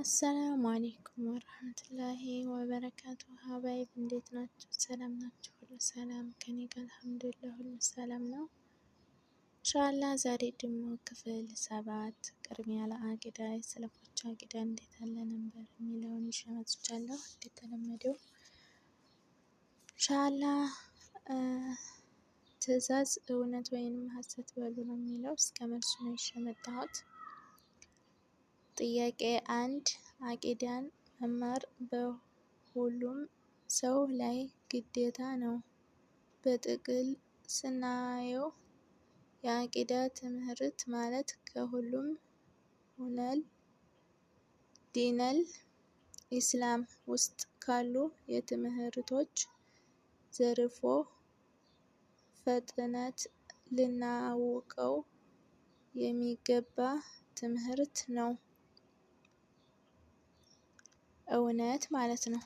አሰላሙ አሌይኩም ወረህመቱላሂ ወበረካቱ። ሀባይብ እንዴት ናቸው? ሰላም ናቸው? ሁሉ ሰላም ከኔ ጋር አልሐምዱሊላህ፣ ሁሉ ሰላም ነው። እንሻላ ዛሬ ደግሞ ክፍል ሰባት ቅድሚያ ለአቂዳ የሰለፎች አቂዳ እንዴት አለ ነበር የሚለውን ይሸመጽቻለሁ። እንደተለመደው እንሻላ ትዕዛዝ እውነት ወይንም ሀሰት በሉ ነው የሚለው እስከ መልሱ ነው የሸመጣሁት። ጥያቄ አንድ አቂዳን መማር በሁሉም ሰው ላይ ግዴታ ነው? በጥቅል ስናየው የአቂዳ ትምህርት ማለት ከሁሉም ሁነል ዲነል ኢስላም ውስጥ ካሉ የትምህርቶች ዘርፎ ፈጥነት ልናውቀው የሚገባ ትምህርት ነው። እውነት ማለት ነው።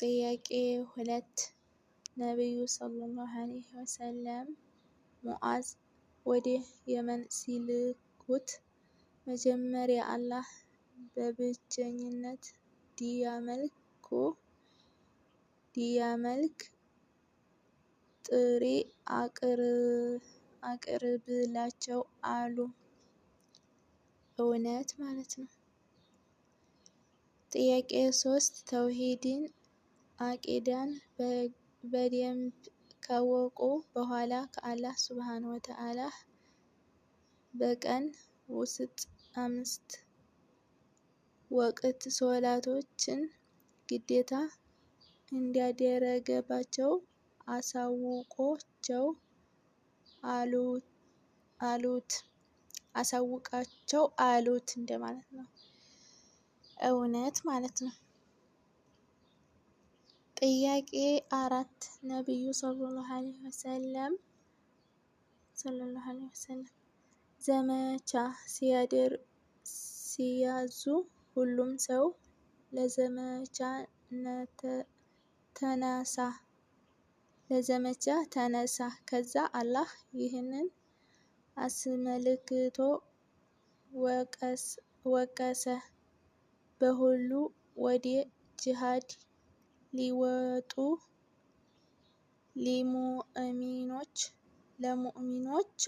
ጥያቄ ሁለት ነቢዩ ሰለላሁ ዐለይሂ ወሰለም ሙዓዝ ወደ የመን ሲልኩት መጀመሪያ አላህ በብቸኝነት መልክ ጥሪ አቅርብላቸው አሉ። እውነት ማለት ነው። ጥያቄ ሶስት ተውሂድን አቂዳን በደንብ ካወቁ በኋላ ከአላህ ሱብሃነ ወተዓላ በቀን ውስጥ አምስት ወቅት ሶላቶችን ግዴታ እንዲያደረገባቸው አሳውቆቸው አሉት አሳውቃቸው አሉት እንደማለት ነው። እውነት ማለት ነው። ጥያቄ አራት ነቢዩ ሰለላሁ ዐለይሂ ወሰለም ሰለላሁ ዐለይሂ ወሰለም ዘመቻ ሲያድር ሲያዙ ሁሉም ሰው ለዘመቻ ተነሳ ለዘመቻ ተነሳ። ከዛ አላህ ይህንን አስመልክቶ ወቀሰ። በሁሉ ወደ ጂሃድ ሊወጡ ለሙእሚኖች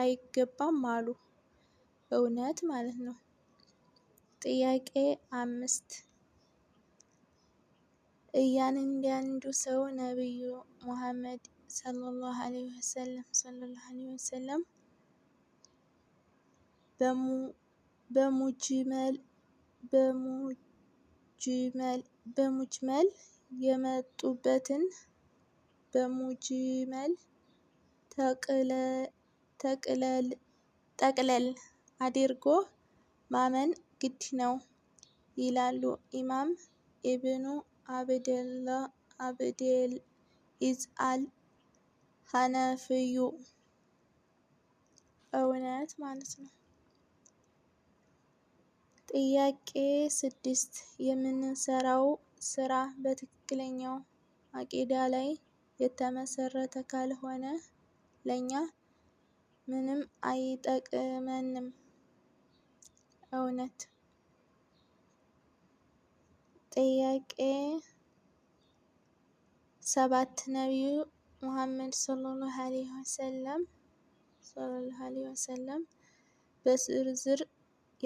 አይገባም አሉ። እውነት ማለት ነው። ጥያቄ አምስት እያንዳንዱ ሰው ነቢዩ ሙሐመድ ሰለላሁ ዐለይሂ ወሰለም በሙጅመል በሙጅመል በሙጅመል የመጡበትን በሙጅመል ተቅለል ጠቅለል አድርጎ ማመን ግድ ነው ይላሉ ኢማም ኢብኑ አብደላ አብዴል ኢዝ አል ሀነፍዩ። እውነት ማለት ነው። ጥያቄ ስድስት የምንሰራው ስራ በትክክለኛው አቂዳ ላይ የተመሰረተ ካልሆነ ለእኛ ምንም አይጠቅመንም። እውነት ጥያቄ ሰባት ነቢዩ ሙሐመድ ሰለላሁ ዐለይሂ ወሰለም በዝርዝር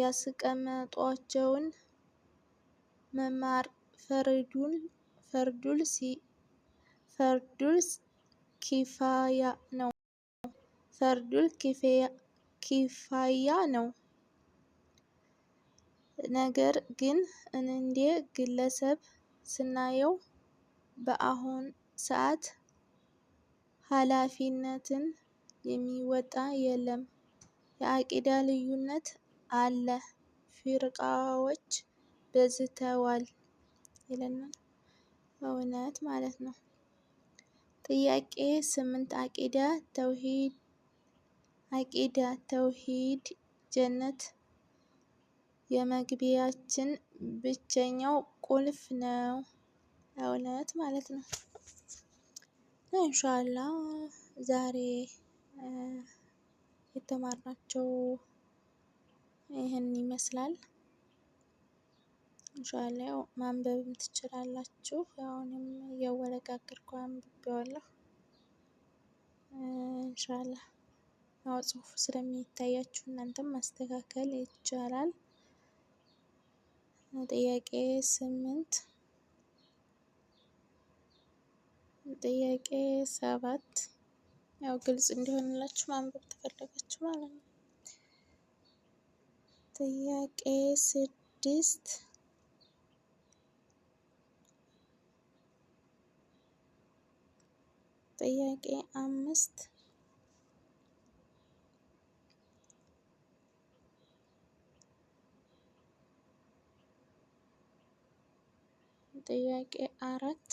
ያስቀመጧቸውን መማር ፈርዱል ፈርዱል ፈርዱል ኪፋያ ነው። ፈርዱል ኪፋያ ነው። ነገር ግን እንደ ግለሰብ ስናየው በአሁን ሰዓት ኃላፊነትን የሚወጣ የለም። የአቂዳ ልዩነት አለ ፊርቃዎች በዝተዋል ይለናል። እውነት ማለት ነው። ጥያቄ ስምንት አቂዳ ተውሂድ አቂዳ ተውሂድ ጀነት የመግቢያችን ብቸኛው ቁልፍ ነው። እውነት ማለት ነው። ኢንሻአላህ ዛሬ የተማርናቸው ይህን ይመስላል። እንሻላ ማንበብም ትችላላችሁ። አሁንም እያወረጋገርኩ አንብቤዋለሁ። እንሻላ ያው ጽሁፉ ስለሚታያችሁ እናንተም ማስተካከል ይቻላል። ጥያቄ ስምንት ጥያቄ ሰባት ያው ግልጽ እንዲሆንላችሁ ማንበብ ተፈለጋችሁ ማለት ነው። ጥያቄ ስድስት ጥያቄ አምስት ጥያቄ አራት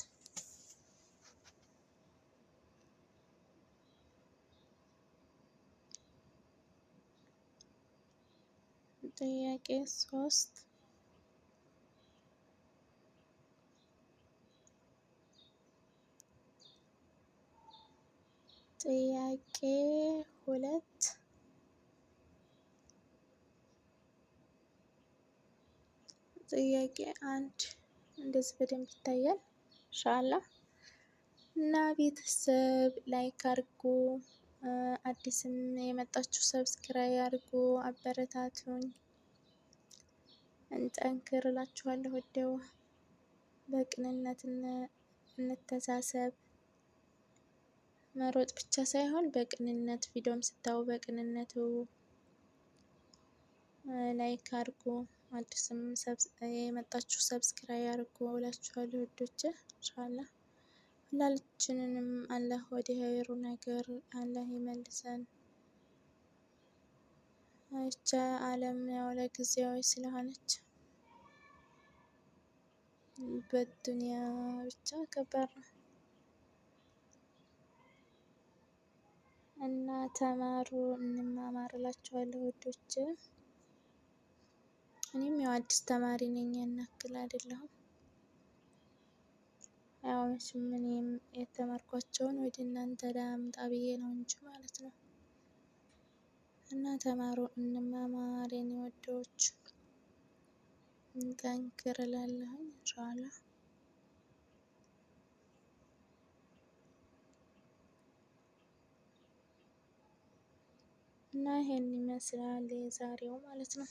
ጥያቄ ሶስት ጥያቄ ሁለት ጥያቄ አንድ እንደዚህ በደንብ ይታያል ሻላ እና ቤተሰብ ላይክ አድርጉ። አዲስም የመጣችሁ ሰብስክራይብ አድርጉ፣ አበረታቱኝ። እንጠንክር እላችኋለሁ። ወደው በቅንነት እንተሳሰብ። መሮጥ ብቻ ሳይሆን በቅንነት ቪዲዮም ስታዩ በቅንነቱ ላይክ አድርጉ። አዲስም የመጣችሁ ሰብስክራይብ አድርጉ እላችኋለሁ ውዶቼ። ኢንሻአላህ ሁላችንንም አላህ ወደ ሀይሩ ነገር አላህ ይመልሰን። ይቺ ዓለም ያው ለጊዜያዊ ስለሆነች በዱንያ ብቻ ከባድ ነው እና ተማሩ እንማማር እላችኋለሁ ውዶች። እኔም ያው አዲስ ተማሪ ነኝ ያናክል አይደለሁም። ያው መቼም እኔም የተማርኳቸውን ወደ እናንተ ላምጣ ብዬ ነው እንጂ ማለት ነው እና ተማሩ እንማማር የኔ ወዶች። ጠንክር እላለሁ ኢንሻአላህ። እና ይሄን ይመስላል የዛሬው ማለት ነው።